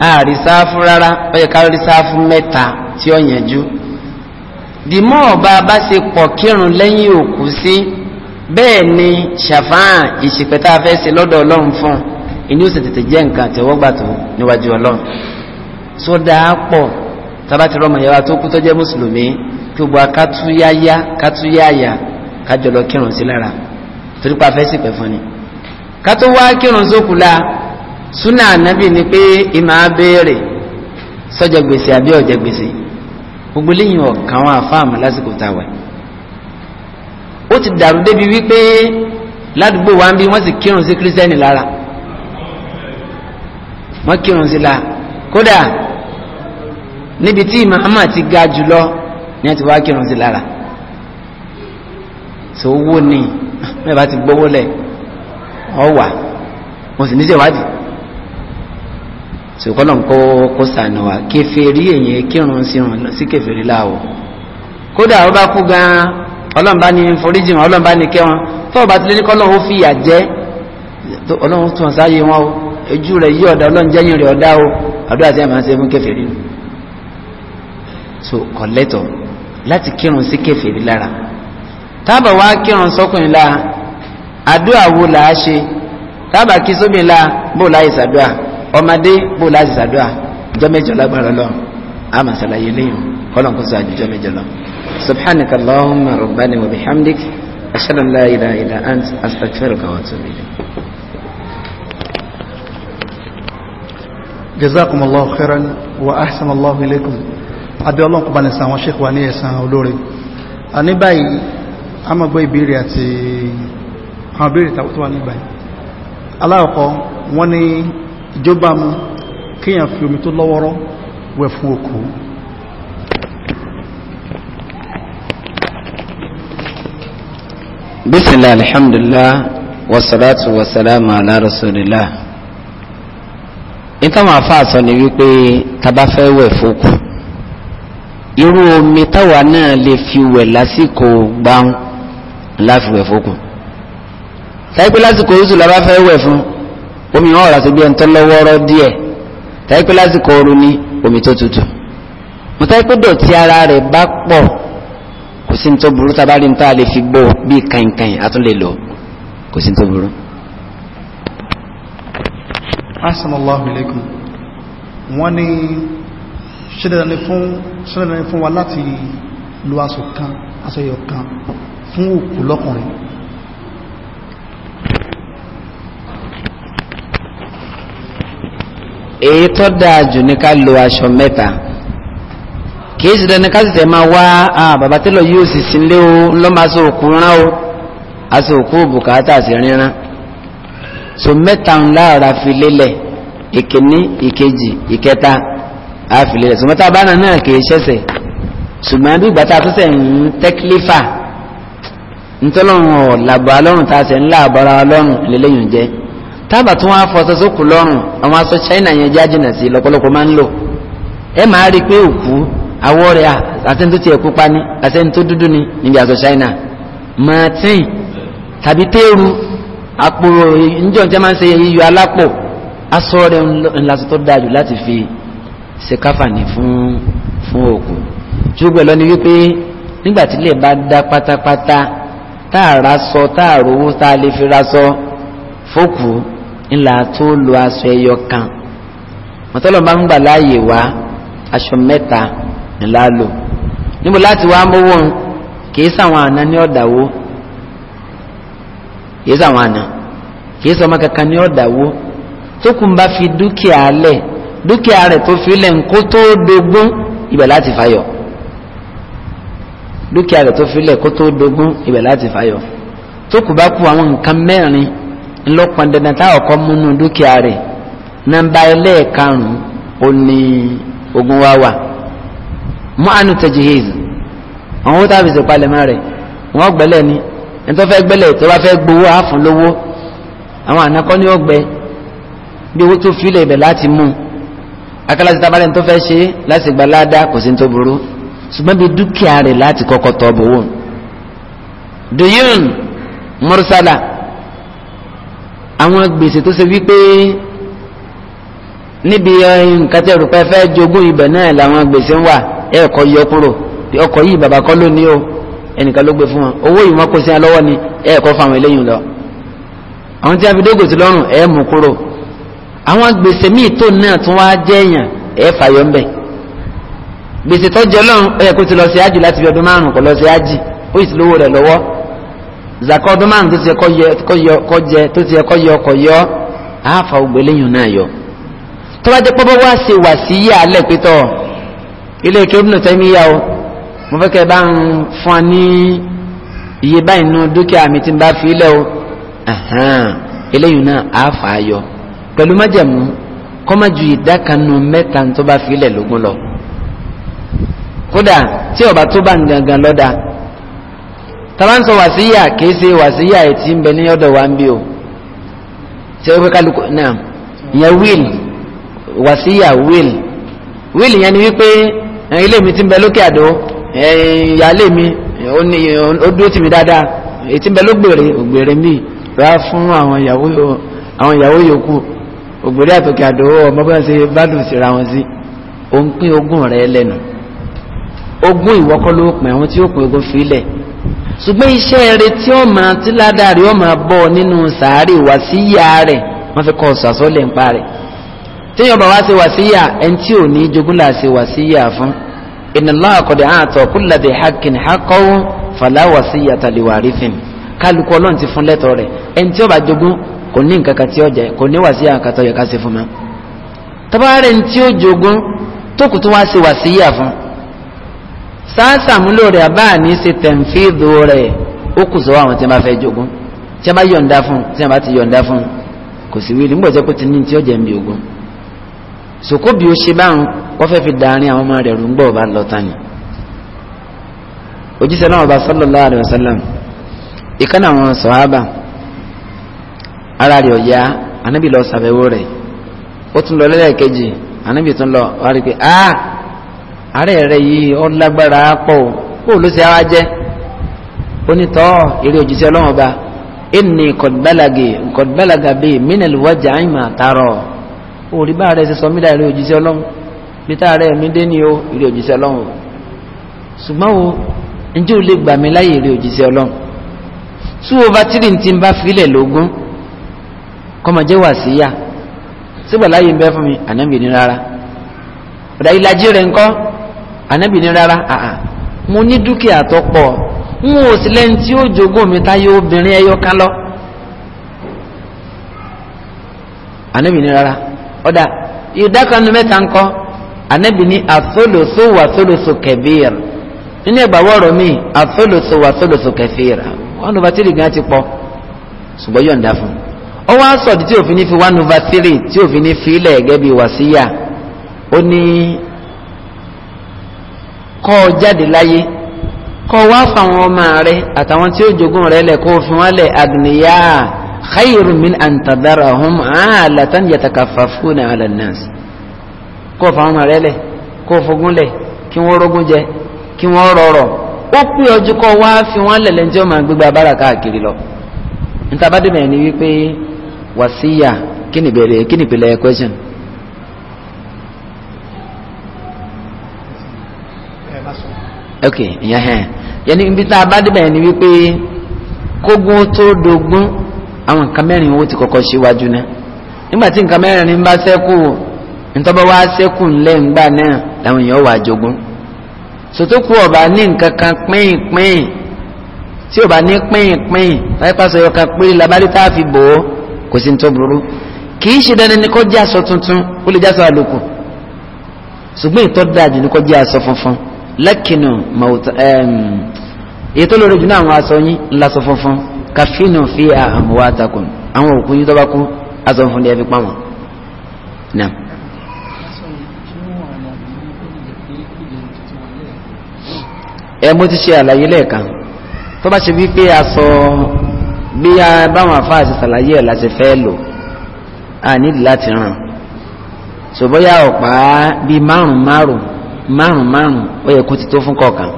ààrí sáfù rárá ó yẹ ká rí sáfù mẹ́ta tí ó yànjú dìmọ́ ọba bá ṣe pọ̀ kírun lẹ́yìn òkú sí bẹ́ẹ̀ ni ṣàfáà ìṣèpẹ̀tà fẹ́ ṣe lọ́dọ̀ ọlọ́run fún ìní ó sì tètè jẹ́ nǹkan àtẹ̀wọ́gbà tó níwájú ọlọ́run sódà pọ̀ sábà tí rọmọ yàrá tó kú tó jẹ́ mùsùlùmí kí gbogbo akátúyáyá kátúyáyà kájọ lọ sí lára torípa fẹ́ sì pẹ̀ fún ni kátó wá kírun sókùlà súnà ànábì ni pé ìmọ̀ abéèrè sọ́jọ́ gbèsè àbí ọ̀jẹ̀ gbèsè gbogbo lẹ́yìn ọ̀kan wọn àfáàmù lásìkò táwa ó ti dàrú débi wípé ládùúgbò wa ń bí wọ́n sì kírun sí kírísítẹ́nì lára wọ́n kírun sí la kódà níbi tí ìmàmà ti ga jùlọ ni wọ́n ti wá kírun sí lára sọ owó ni mẹ́ta ti gbówó lẹ̀ ọwà wọ́n sì ní ṣèwádìí ṣùkọ́lọ̀ kó kó sànà wà kèfèrí èyàn kírun sí kèfèrí láàwọ̀ kódà ó bá kú gan-an ọlọ́mbá ní foríjì wọn ọlọ́mbá ní kẹwọn fọ́ọ̀bá tí lé ní kọ́lọ́ ó fìyà jẹ ọlọ́run tún sáyé wọn o ojú rẹ̀ yí ọ̀dá ọlọ́run jẹ́yìn rẹ̀ ọ̀dá o àdúrà tí a máa ń ṣe fún kèfèrí nù so kọ̀lẹ́tọ̀ láti kírun sí kèfèrí lára tábà wá kírun sọ́kùnrin lára àdúrà wo là á ṣe tábàkí sómi la bó láyé sàdúà ọmọdé bó láyé sàdúà ìjọ mẹ́jọ lágbára lọ àmà sàlàyé léyìn kọlọ̀ kó sọ àjùjọ mẹ́jọ lọ. subhanaka allahumma rabbana wa bihamdik ashhadu an la ilaha illa ant astaghfiruka wa atubu ilayk. jazakum allahu khairan wa ahsan allahu ilaykum abi ọlọ́run kò bá ní sàn àwọn sheikh ní ẹ̀sán olóore. àní báyìí a ìbéèrè àti àwọn béèrè tó wà nígbà yìí aláwọ̀kọ́ wọ́n ní ìjọba mú kíyàn fi omi tó lọ́wọ́rọ́ wẹ̀ fún òkú bismillah alhamdulillah wasalatu wasalamu ala rasulillah ìtàwọn àfáàsọ ni wípé tàbá fẹ́ wẹ̀ fókù irú omi táwa náà lè fi wẹ̀ lásìkò gbáhùn láfi wẹ̀ tàípé lásìkò oṣù lábá fẹ́ wẹ̀ fún omi wọn ọ̀rà tó gbé ẹ̀ntọ́ lọ́wọ́rọ́ díẹ̀ tàípé lásìkò ooru ní omi tó tutù mo tàípé dọ̀tí ara rẹ̀ bá pọ̀ kò sí ní tó burú tá a bá rí ní fi gbó bíi kàìnkàìn a lè lò kò sí tó burú. fún òkú lọ́kùnrin èyí tó dáa jù ní ká lo aṣọ mẹ́ta kì í ṣe dandan ká sì tẹ̀ máa wá bàbá tẹ́lọ̀ yóò sì sílé o ńlọ́mọ aṣọ òkú rán o aṣọ òkú bùkátà sí ríran so mẹ́ta ńlá ọ̀rá fi lélẹ̀ ìkíní ìkejì ìkẹta á fi lélẹ̀ so mẹ́ta bá náà náà kì ṣẹ̀ṣẹ̀ ṣùgbọ́n bí ìgbà tó sẹ̀ ń tẹ́kílífà ntọ́lọ́run ọ̀ làbọ̀ alọ́run tá a sẹ̀ ńlá àbọ̀ra ọlọ́run lélẹ́yìn jẹ́ taba tí wọ́n á sọ́sọ́ kù lọ́rùn aṣọ China yẹn jájìnà sí lọ́pọ̀lọpọ̀ máa ń lò ẹ máa rí i pé òkú awọ́ rẹ̀ àtẹ́ni tó tiẹ̀ pupa ni àtẹ́ni tó dúdú níbi aṣọ China martin tàbí àpò a máa ń ṣe iyọ̀ alápò aṣọ rẹ̀ tó láti fi ṣe káfàní fún fún òkú ṣùgbọ́n lọ́ni wípé nígbà tí bá dá pátápátá a sọ rówó fi ńlá tó lo aṣọ ẹyọ kan mọ̀tọ́lọ̀ bá ń gbà láàyè wá aṣọ mẹ́ta ńlá lò níbo láti wá mówó kìí sàwọn àna ní ọ̀dàwó kìí sàwọn àna kìí sọmọ kankan ní ọ̀dàwó tó kùn bá fi dúkìá lẹ̀ dúkìá rẹ̀ tó fi lẹ̀ ńkó tó dogún ibẹ̀ láti fayọ̀ dúkìá rẹ̀ tó fi lẹ̀ kó tó dogún ibẹ̀ láti fayọ̀ tó kù bá kú àwọn nǹkan mẹ́rin ńlọpọn dandan táwọn kọ múnú dúkìá rẹ̀ nọ́mbà ẹlẹ́ẹ̀karùnún ó ní ogun wá wà mọ́ánù tajihiz àwọn owó tábìsì palẹ̀mọ́ rẹ̀ wọ́n gbẹ́lẹ̀ ni ẹni tó fẹ́ gbẹ́lẹ̀ tó bá fẹ́ gbowó àáfún lówó àwọn ànákọ́ ni ó gbẹ bí owó tó fi lè bẹ̀ láti mú akálàsì tábàlẹ̀ tó fẹ́ ṣe láti gba ládàá kò sí tó burú ṣùgbọ́n bí dúkìá rẹ̀ láti kọ́kọ́ tọ́ bowó duyun mursala àwọn gbèsè tó ṣe wípé níbi eh, nǹkan tí ẹrù pẹ́ fẹ́ jogún ibẹ̀ náà làwọn gbèsè ń wà ẹ̀kọ́ yọ kúrò ọkọ̀ yìí bàbá kọ́ ló ní o ẹnìkan ló gbé fún wọn owó yìí wọ́n kó sí alọ́wọ́ ni ẹ̀kọ́ fáwọn eléyìí lọ àwọn tí a fi dé gbèsè lọ́rùn ẹ̀ mú kúrò àwọn gbèsè míì tó náà tún wá jẹ́ èèyàn ẹ̀ fàyọ̀ ń bẹ̀ gbèsè tó jẹ́ lọ́rùn ẹ̀ ti lọ sí ájì láti fi ọdún márùn-ún kó lọ sí ájì ó sì lówó rẹ̀ lọ́wọ́ zakọ ọdún márùn tó ti yẹ kọ jẹ tó ti yẹ kọ yọ ọkọ yọ àáfà ògbéléyìn náà yọ tọ́ba jẹ́ pọ́pọ́ wá ṣe wà sí yíyá alẹ́ pétọ́ ilé kébùnù tẹ́míyá o mo fẹ́ kẹ́ bá ń fún ọ ní iye báyìí nù dúkìá mi ti bá fi lẹ́ o eléyìí náà àáfà yọ pẹ̀lú májẹ̀mú kọ́má ju ìdá kan tó bá fi lẹ̀ lógún lọ kódà tí ọba tó bá ń gangan lọ́dà tabanso wasiya kìí ṣe wasiya ètí ń bẹ ní ọ̀dọ̀ wa ń bí o ṣe wípé kálukú náà ìyẹn will wasiya will will yẹn ni wípé ilé mi ti ń bẹ lókè àdó ìyáálé mi ó dúró tì mí dáadáa ètí ń bẹ lógbèrè ògbèrè mi rà fún àwọn ìyàwó yòókù ògbèrè àtòkè àdó ọmọ bá ṣe bádùn síra wọn sí òun pín ogún rẹ̀ lẹ́nu ogún ìwọ́kọ́ ló pin àwọn tí ó pin ogún fi lẹ̀ ṣùgbọ́n iṣẹ́ rẹ tí ó máa tí ládàá rẹ ó máa bọ̀ nínú sàárè wàsíyà rẹ̀ wọ́n fi kọ́ sàsọ́lẹ̀ ń parẹ́ téèyàn bá wá ṣe wàsíyà ẹni tí ò ní jogún là ṣe wàsíyà fún inna Allaha qad a'ta kulla dhi haqqin haqqahu fala wasiyyata liwarifin kálukú ọlọ́run ti fún lẹ́tọ̀ọ́ rẹ̀ ẹni tí ó bá jogún kò ní nǹkan tí ó jẹ kò ní wá ṣe wàsíyà fún sáàsàmúlò rẹ̀ àbá ní ṣe tẹ̀m̀fìdò rẹ̀ ó kù sọ́wọ́ àwọn tí wọ́n bá fẹ́ jogún tí wọ́n bá yọ̀ǹda fún tí wọ́n bá ti yọ̀ǹda fún kò sí wíìlì nígbà tí kò ti ní tí ó jẹ́ mi ogun sòkó bí ó ṣe báwọn wọ́n fẹ́ fi dàárín àwọn ọmọ rẹ̀ rú ńgbọ́ ọba lọ tani òjíṣẹ́ náà ọba sallallahu alaihi wasallam ìkànnì àwọn sọ̀hábà ara rẹ̀ ọ̀yá anábì lọ sàbẹ̀wò rẹ̀ ó tún lọ lẹ́lẹ́kejì anábì tún lọ wá pé ah àárẹ̀ rẹ̀ yìí ó lágbára pọ̀ kó ló ṣe wá jẹ́ onítọ̀ eré òjijì ọlọ́run ọba ẹnì kọ̀dbálàgè kọ̀dbálàgà bíi mínàlì wájà àìmọ̀ àtàrọ̀ òrí bá rẹ̀ ṣe sọ mílà eré òjijì ọlọ́run bí tá àárẹ̀ mi dé ní o eré òjijì ọlọ́run ṣùgbọ́n o ǹjẹ́ o lè gbà mí láyè eré òjijì ọlọ́run tí o bá tírì ti bá filẹ̀ lógún kọ́mọjẹ́ wà síyà sígbà láyè ń bẹ́ fún mi ànábì ní rárá ọ̀dà ìlàjì rẹ̀ ńkọ́ anabi ní rárá a mo ní dúkìá tó pọ̀ n ò sí lẹ́yìn tí ó jogún mi táyé obìnrin ẹyọ kan lọ. anabi ní rárá ọ̀dà ìdákanu mẹ́ta ńkọ́ anabi ní àtólòsó wà tólòsó kẹbíir nínú ìgbàwọ́ ọ̀rọ̀ mi àtólòsó wà tólòsó kẹfíir one over three gan ti pọ̀ ṣùgbọ́n yọ̀ǹda fún un ó wá sọ̀dí tí òfin ní fi one over three tí òfin ní fi ilẹ̀ gẹ́gẹ́ bí wàsíyà ó ní. kọ́ jáde láyé kọ́ wá fáwọn ọmọ rẹ àtàwọn tí ó jogún rẹ lẹ kó fi wọn lẹ agniya min alatan yatakaffafuna ala nas kọ́ fáwọn ọmọ rẹ lẹ kó fogún lẹ kí wọ́n rógún jẹ kí wọ́n rọrọ̀ ó pé ọjọ́ kọ́ wá fi wọn lẹ̀ bára káàkiri kí kí ok ìyẹn hẹn yẹn níbi tá a bá débẹ̀ ni wípé kógun tó dogun àwọn nǹkan mẹ́rin owó ti kọ́kọ́ ṣíwájú náà nígbà tí nǹkan mẹ́rin bá ṣẹ́kù ntọ́ba wá ṣẹ́kù ńlẹ̀ ńgbà náà làwọn èèyàn wà jogún sòtókù ọba ní nǹkan kan pín pín tí ọba ní pín pín pàápàá yọ kan pé labárí tá a fi bò ó kò sí ní burú kì í ṣe dandan ni kó jẹ́ aṣọ tuntun ó lè jẹ́ àlòkù ṣùgbọ́n ìtọ́ dáa ni kó jẹ́ aṣọ funfun lẹ́kìnnù mọ̀tò èyí tó lórí jù náà àwọn aṣọ yín ńlasọ funfun kàfínù fi àmúwá àtàkùn àwọn òkú yín tó bá kú aṣọ funfun ni ẹ fi pa wọn. ẹ mo ti ṣe àlàyé lẹ́ẹ̀kan tó bá ṣe wípé aṣọ bí a báwọn afáà ṣe ṣàlàyé ẹ̀ láti fẹ́ lò á nídìí láti ràn ṣùgbọ́n yà ọ̀pá bíi márùn-ún márùn-ún márùn márùn ó yẹ kó ti tó fún kọ̀ọ̀kan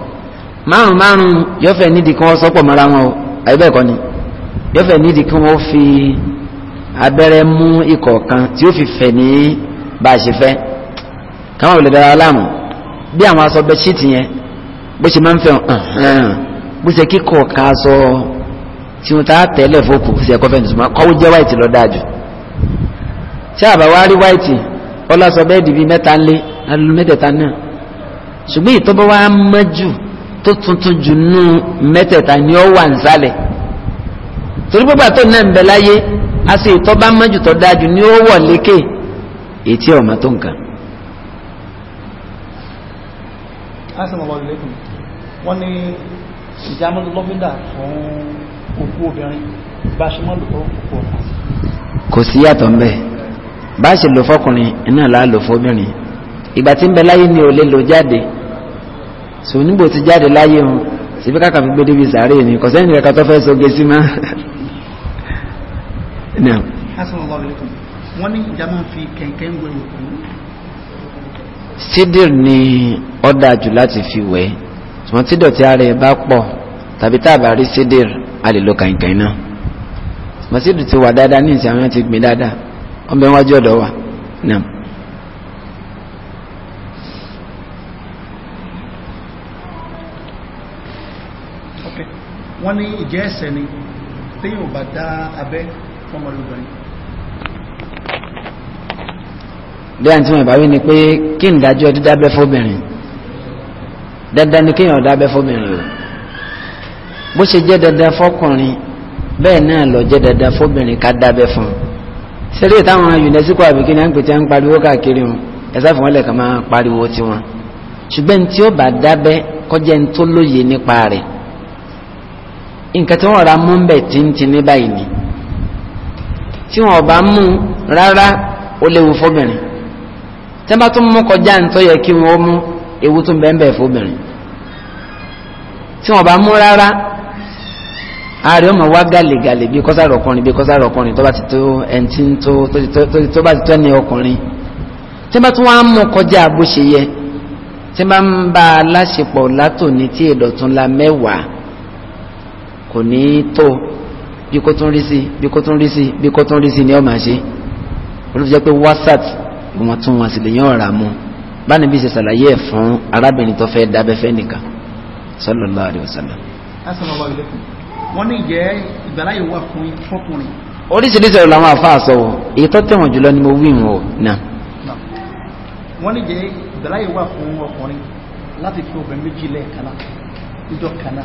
márùn márùn yọfẹ nídìí kí wọn sọpọ mọ́ra wọn o àbí bẹ́ẹ̀ kọ́ ni yọfẹ nídìí kí wọn fi abẹ́rẹ́ mú ìkọ̀ọ̀kan tí ó fi fẹ̀ ní bá a ṣe fẹ́ káwọn ò lè dára láàmú bí àwọn aṣọ bẹṣíìtì yẹn bó ṣe máa ń fẹ́ bó ṣe kíkọ ọ̀ka aṣọ tí wọn ta tẹ́lẹ̀ fókù sí ẹ̀kọ́ fẹ́ẹ́ nìṣúmọ́ kọ́wọ́ jẹ́ wáìtì lọ dáa ṣé àbáwá rí wáìtì ọlọ́sọ bẹ́ẹ̀ dìbí mẹ́ta ńlé alùmẹ́tẹ̀ta náà ṣùgbọ́n ìtọ́bọ̀ wa mọ́jú tó tuntun jù nù mẹ́tẹ̀ẹ̀ta ni ó wà nísàlẹ̀ torí gbogbo àtọ́ náà ń bẹ láyé a sì ìtọ́bá mọ́jú tó dájú ni ó wọ̀ lékè ètí ọ̀mọ́ tó nǹkan. wọ́n ní ìjàmọ́ lọ́fíńdà fún òkú obìnrin bá ṣe mọ́ lòó òkú ọ̀tá. kò sí yàtọ̀ ń bá ṣe lò fọkùnrin iná làá lò fọbìnrin ìgbà tí ń bẹ láyé ni ò lè lò jáde so níbo ti jáde láyé wọn síbi káka fi gbé débi sàárè ni kò sẹ́yìn kankan tó fẹ́ so gé sí mọ́. wọ́n ní ìjà sídìr ni ó dáa jù láti fi wẹ̀ ṣùgbọ́n tí dọ̀tí ara ẹ̀ bá pọ̀ tàbí tá a bá rí sídìr a lè lo kàǹkàn náà ṣùgbọ́n sídìr ti wà dáadáa ní ìsìn àwọn ti gbìn dáadáa ọbẹ̀ wájú ọ̀dọ̀ wa náà. wọ́n ní ìjẹ́ ẹ̀sẹ̀ ni téyàn bá dá abẹ́ fọ́mọlúgbọ́n bí àǹtí wọn ìbáwí ni pé kí n dájọ́ dídábẹ́ fóbìnrin dandan ni kéèyàn dábẹ́ fóbìnrin o bó ṣe jẹ́ dandan fọkùnrin bẹ́ẹ̀ náà lọ jẹ́ dandan fóbìnrin ká dábẹ́ fún un sẹ́lẹ̀ UNESCO àbíkí ni à ń pè tí à ń pariwo káàkiri wọn ẹ̀sà fún wọn lẹ̀ kàn máa pariwo tiwọn ṣùgbọ́n tí ó bá dábẹ́ kọjá ń tó lóye nípa rẹ̀ nǹkan tí wọ́n ra mú bẹ̀ tíntìní báyìí ni tí wọ́n bá mú rárá ó léwu fóbìnrin tí wọ́n bá tún mú kọjá nítorí yẹ kí wọ́n mú ewu tún bẹ́ẹ̀ bẹ́ẹ̀ fóbìnrin tí wọ́n bá mú rárá ààrẹ ọmọ wa gàlègàlè bí kọ́sára ọkùnrin bí kọ́sára ọkùnrin tó bá ti tó ẹntì tó tó bá ti tó ẹni ọkùnrin tí wọ́n mú kọjá bó ṣe yẹ tí ń bá a láṣepọ̀ látòní tí èdọ̀tún la mẹ́wàá kò ní tó bí kò tún rí sí bí kò tún rí sí bí kò tún rí sí ni ọ máa ṣe olùfẹ́ jẹ́ pé wásàt wọn tún wọn sì lè yàn ọ̀rà mu báni bí ṣe ṣàlàyé ẹ̀ fún arábìnrin tó fẹ́ dábẹ́ fẹ́ nìkan sallallahu alaihi wasallam. wọ́n ní ìjẹ́ ìgbàláyè wà fún fọkùnrin. oríṣiríṣi ọ̀rọ̀ làwọn àfa àsọ wò èyí tó tẹ̀wọ̀n jùlọ ni mo wí wọn o náà. wọ́n ní ìjẹ́ ìgbàláyè wà fún ọkùnrin láti fi obìnrin méjì lẹ́ẹ̀kan náà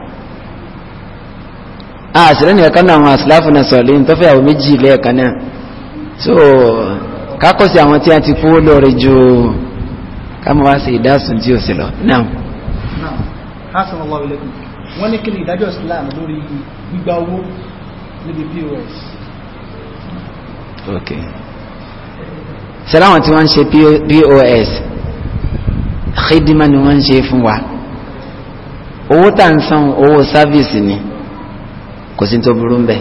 àṣírí ah, ni ẹ̀kan náà àwọn àṣìláfù náà sọ̀lẹ̀ ń tọ́fẹ́ àwọn méjì lẹ́ẹ̀kan náà so kákọ́ sí àwọn tí a ti kú lóore ju kámọ́ wá sí ìdásùn tí ó sì lọ náà. wọ́n ní kí ni ìdájọ́ Islam lórí gbígba owó níbi POS. ok sẹ́láwọ̀n tí wọ́n ń ṣe POS xidima ni wọ́n ń ṣe fún wa owó tà ń san owó sáfíìsì ni kò sí tó burú mbẹ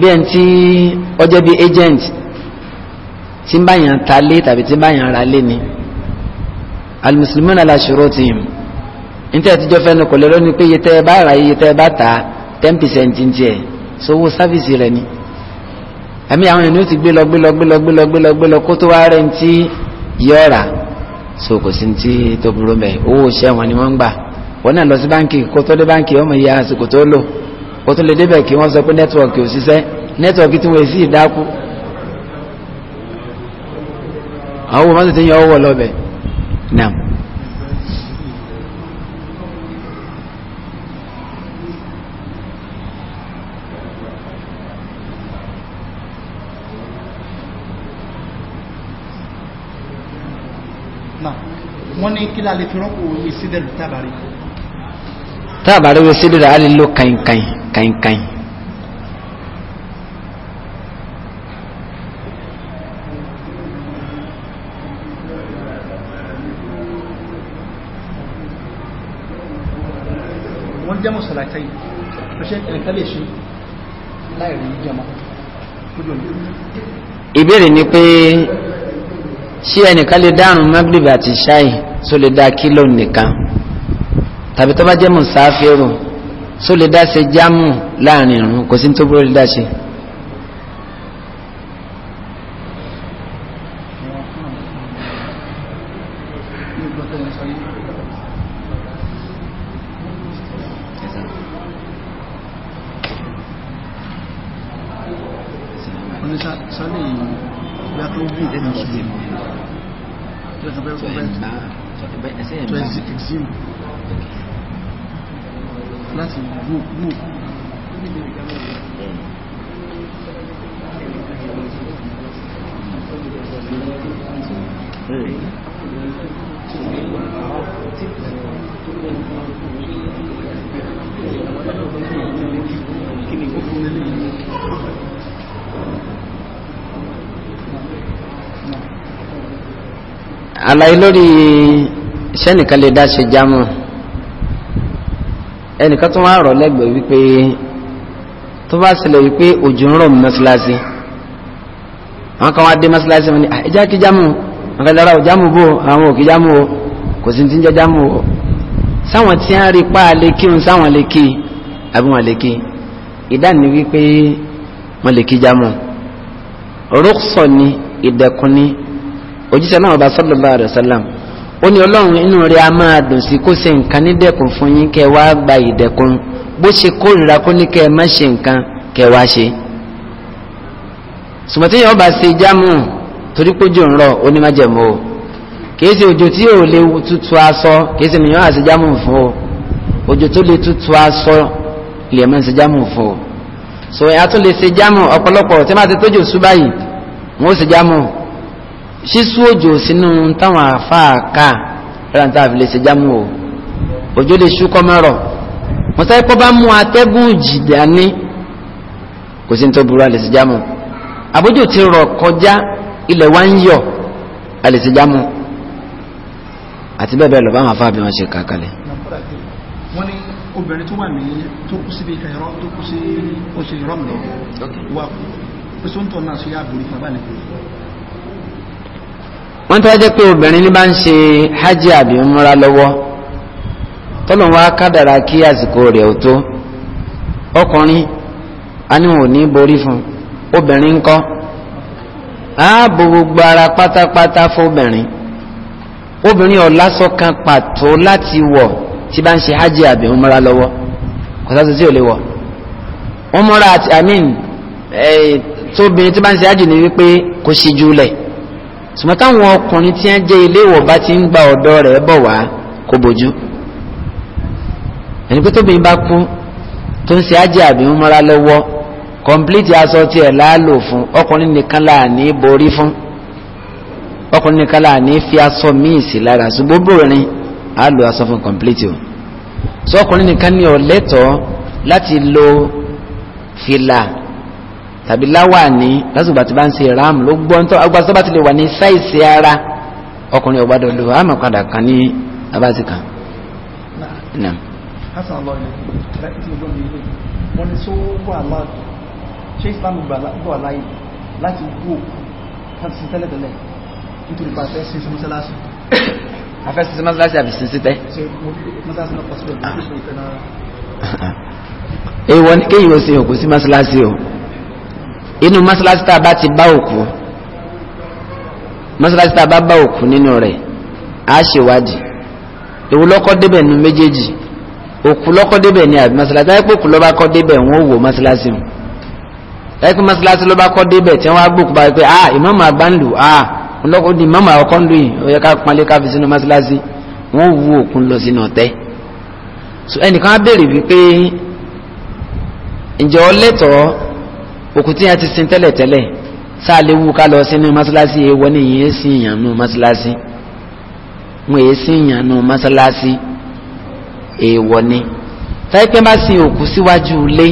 bí ẹn tí ọjọ́ bíi agent tí ń bá yàn ta lé tàbí tí ń bá yàn ra lé ni alimusulumi náà la ṣòro tì í níta ìtijọ́ fẹ́nu kò lè lónìí pé iye tẹ́ ẹ bá ra iye tẹ́ ẹ bá ta ten percent ń tiẹ̀ sowó sáfìsì rẹ ni àmì àwọn ènìyàn ti gbé lọ gbé lọ gbé lọ gbé lọ gbé lọ gbé lọ kó tó wá rẹ̀ ń yọ ọ̀rà so kò sí ti tó burú mẹ́ owó iṣẹ́ wọn ni wọ́n ń gbà wọ́n náà lọ sí báńkì kó tó dé báńkì ọmọ ìyá àsìkò tó lò ó tún lè débẹ̀ kí wọ́n sọ pé nẹ́tíwọ̀kì ò ṣiṣẹ́ nẹ́tíwọ̀kì tí wọ́n sì dákú àwọn ọmọ tètè yàn ọwọ́ lọ́bẹ̀ náà wọ́n ní kí la lè fi rọ́pò ìsídẹ̀lù tábàrí tá a bá rí wọ́n sílẹ̀ rẹ̀ á lo kàìnkàìn kàìnkàìn. wọ́n jẹ́ mọ̀sálàtà yìí ọ̀ṣẹ́ ẹ̀ka lè ṣe láì rí jẹ́ mọ́ ìbéèrè ni pé ṣé ẹnìkan lè dárun magrib àti ṣáì tó lè dá kílò nìkan tàbí tó bá jẹ́ mùsáfírù só lè dá ṣe jámù láàrin ìrun kò sí ní tó lè dá ṣe. àlàyé lórí sẹ́nìkan lè dá ṣe jámọ̀ ẹnìkan tó wá rọ̀ lẹ́gbẹ̀ẹ́ wípé tó bá ṣẹlẹ̀ wípé òjò ń rọ̀ mọ́sálásí àwọn kan wá dé mọ́sálásí wọn ni ẹjẹ́ kí jámọ̀ àwọn kan ò jámọ̀ bò àwọn òkè jámọ̀ o kò sí ti ń jẹ́ jámọ̀ o sáwọn tí a rí pa lè kí n sáwọn lè kí àbí wọn lè kí ìdáni wípé wọn lè kí jámọ̀ rúkṣọ ni ìdẹ̀kùn ni òjíṣẹ́ náà ọba sallallahu alaihi wasallam ó ní ọlọ́run inú rẹ̀ a máa dùn sí kó ṣe nǹkan ní dẹ̀kùn fún yín kẹ́ wá gba ìdẹ̀kùn bó ṣe kórìíra kó ní kẹ́ má ṣe nǹkan kẹ́ wá ṣe. sùmọ́tí yẹn ọba ṣe jámù torí pójú ń rọ onímájẹ̀mọ́ o kìí ṣe òjò tí ò lè tutù aṣọ kìí ṣe nìyẹn àṣẹ jámù fún o òjò tó lè tutù aṣọ lè má ṣe jámù fún o. sọ yẹn a tún lè ṣe jámù ọ̀pọ̀lọpọ̀ tí wọ́n ti tójú ṣíṣú òjò sínú táwọn àáfàá ká rẹ̀ níta àfi lè ṣe jámù o òjò lè ṣú kọ́mọ́rọ̀ wọ́n sáré pọ́ bá mú atẹ́gùn jìdá ní kò sí ní tó burú àlè ṣe jámù àbójò ti rọ̀ kọjá ilẹ̀ wá ń yọ̀ àlè ṣe jámù àti bẹ́ẹ̀ bẹ́ẹ̀ lọ báwọn afáàbí wọn ṣe kàkálẹ̀. wọ́n ní obìnrin tó wà ní tó kú síbi ẹ̀rọ tó kú sí oṣù ìrọ̀mù wà pé náà ṣe yá wọ́n tó jẹ́ pé obìnrin ní bá ń ṣe hajj àbí múra lọ́wọ́ tọ́lọ̀ wá kádàrá kí àsìkò rẹ̀ ò tó ọkùnrin aníwò ní borí fún obìnrin ń kọ́ ààbò gbogbo ara pátápátá fóbìnrin obìnrin ọ̀lásọ kan pàtó láti wọ̀ tí bá ń ṣe hajj àbí múra lọ́wọ́ kò sáà tó tí ò lè wọ̀ wọ́n múra àti àmín eh, tóbi tí bá ń ṣe hajj ní wípé kò ṣíjú lẹ̀ ṣùgbọ́n táwọn ọkùnrin tí wọ́n jẹ́ ilé ìwọ̀ bá ti ń gba ọ̀dọ́ rẹ̀ bọ̀ wá kò bójú ẹni pé tóbi bá kú tó ń ṣe ájẹ́ àbí ń mọ́ra lọ́wọ́ kọ̀ǹpìlìtì aṣọ tiẹ̀ láàlò fún ọkùnrin nìkan láàní borí fún ọkùnrin nìkan láàní fi aṣọ míì sí lára ṣùgbọ́n bòrin á lo aṣọ fún kọ̀ǹpìlìtì o sọ ọkùnrin nìkan ní ọ̀lẹ́tọ̀ọ́ láti lo fìlà tàbí láwàní lásìkò àti bá ń ṣe ram ló gbọ́n tó agbáṣọ́ bá ti lè wà ní sáìsì ara ọkùnrin ọ̀gbádọ̀ lò á máa padà kan ní abáṣe kan. hasan allah ilẹ̀ ìlẹ́kùn ni tó wà láàbù ṣé islam gbọ́ àláyé láti wú òkú láti sin tẹ́lẹ̀tẹ́lẹ̀ nítorí pa afẹ́ sin mọ́sálásí. afẹ́ sin mọ́sálásí àbí sin sítẹ́. mọ́sálásí náà pọ̀ sílẹ̀ bí wọ́n ṣe sí mọ́sálásí o inú mọ́sálásí tá a bá ti bá òkú mọ́sálásí tá bá bá òkú nínú rẹ̀ á ṣèwádìí èwo lọ́kọ́ débẹ̀ nu méjèèjì òkú lọ́kọ́ débẹ̀ ni àbí mọ́sálásí táyé pé òkú lọ́ba kọ́ débẹ̀ wọ́n wò mọ́sálásí mu táyé pé mọ́sálásí lọ́ba kọ́ débẹ̀ tí wọ́n á gbókù báyìí pé ah ìmáàmù àgbà ń lù ah lọ́kọ́ di ìmáàmù àkọ́kọ́ ń lù yìí ó yẹ ká pọ́nlé ká fi sínú mọ́sálásí wọ́n wú òkú lọ sínú ọ̀tẹ́ so ẹnìkan á béèrè wípé ǹjẹ́ ọ lẹ́tọ̀ọ́ òkú tí yẹn ti sin tẹ́lẹ̀ tẹ́lẹ̀ sáà lè wú ká lọ sínú masalasi, èèwọ̀ ni yẹn sí ìyànnú mọ́sálásí wọn èyí sí ìyànnú mọ́sálásí èèwọ̀ ni táyipẹ́ bá sin òkú síwájú ilé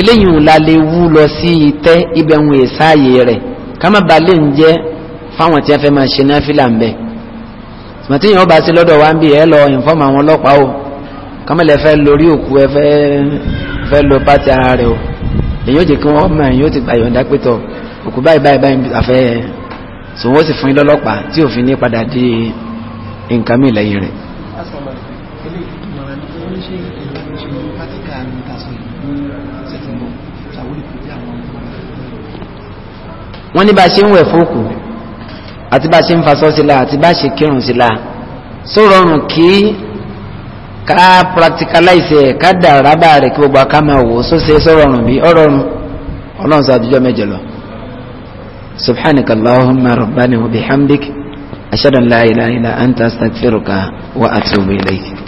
eléyìí ò la lè wú lọ sí itẹ́ ibẹ̀ ń wèé sáàyè rẹ̀ ká má ba lè ń jẹ́ fáwọn tí wọ́n fẹ́ máa ṣe náà fìlà ń bẹ̀ tòmátì yẹn ó bá sí lọ́dọ̀ wa ń bì ẹ́ lọ ìfọ́mù àwọn ọlọ́pàá o kámẹ́lẹ̀ fẹ́ lórí òkú ẹ fẹ́ fẹ́ lo pátì ara rẹ o èyí ó jẹ́ kí wọ́n mọ̀ èyí ó ti gba ìyọ̀ǹda pétọ̀ òkú báyìí báyìí báyìí àfẹ́ so wọ́n sì fún yín lọ́lọ́pàá tí òfin ní padà di nǹkan mi lẹ́yìn rẹ̀. wọ́n ní bá ṣe ń wẹ̀ fóòkù àti bá ṣe ń fasọ́ sí àti bá ṣe kírun sí la kí ká practicalize ẹ̀ ká dàrá bá rẹ̀ kí gbogbo akámẹ́ wò sóse sọ́rọ̀rùn bí ọ̀rọ̀rùn ọlọ́run sọ àdújọ́ mẹ́jọ lọ subhanaka allahumma rabbana wa bihamdik ashhadu an la ilaha illa anta astaghfiruka wa